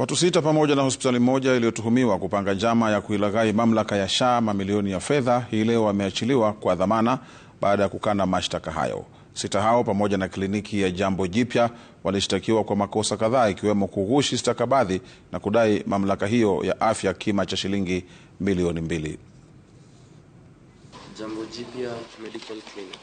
Watu sita pamoja na hospitali moja iliyotuhumiwa kupanga njama ya kuilaghai mamlaka ya SHA mamilioni ya fedha hii leo wameachiliwa kwa dhamana baada ya kukana mashtaka hayo. Sita hao pamoja na kliniki ya Jambo Jipya walishtakiwa kwa makosa kadhaa ikiwemo kughushi stakabadhi na kudai mamlaka hiyo ya afya kima cha shilingi milioni mbili. Jambo Jipya Medical Clinic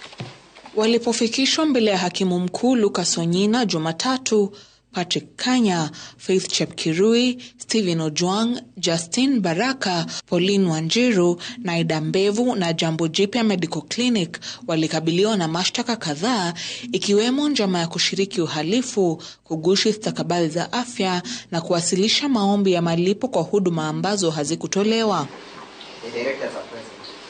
walipofikishwa mbele ya hakimu mkuu Lucas Onyina Jumatatu Patrick Kanya, Faith Chepkirui, Stephen Ojwang, Justin Baraka, Pauline Wanjiru, Naida Mbevu na Jambo Jipya Medical Clinic walikabiliwa na mashtaka kadhaa ikiwemo njama ya kushiriki uhalifu, kugushi stakabadhi za afya na kuwasilisha maombi ya malipo kwa huduma ambazo hazikutolewa.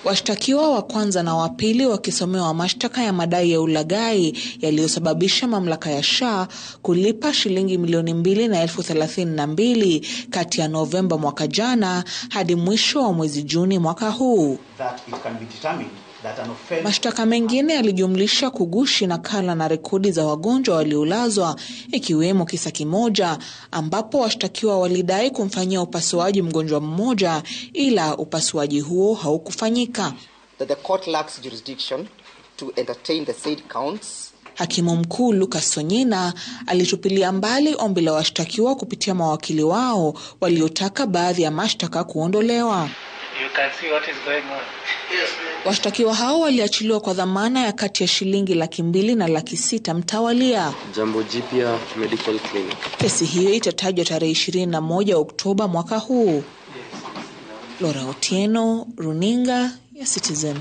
Washtakiwa wa kwanza na wa pili wakisomewa mashtaka ya madai ya ulaghai yaliyosababisha mamlaka ya SHA kulipa shilingi milioni mbili na elfu thelathini na mbili kati ya Novemba mwaka jana hadi mwisho wa mwezi Juni mwaka huu. Mashtaka mengine yalijumlisha kugushi nakala na rekodi za wagonjwa waliolazwa, ikiwemo kisa kimoja ambapo washtakiwa walidai kumfanyia upasuaji mgonjwa mmoja, ila upasuaji huo haukufanyika. Hakimu mkuu Lucas Sonyina alitupilia mbali ombi la washtakiwa kupitia mawakili wao waliotaka baadhi ya mashtaka kuondolewa. Washtakiwa hao waliachiliwa kwa dhamana ya kati ya shilingi laki mbili na laki sita mtawalia. Jambo jipya medical clinic. Kesi hiyo itatajwa tarehe 21 Oktoba mwaka huu. Yes. Lora Otieno, Runinga ya Citizen.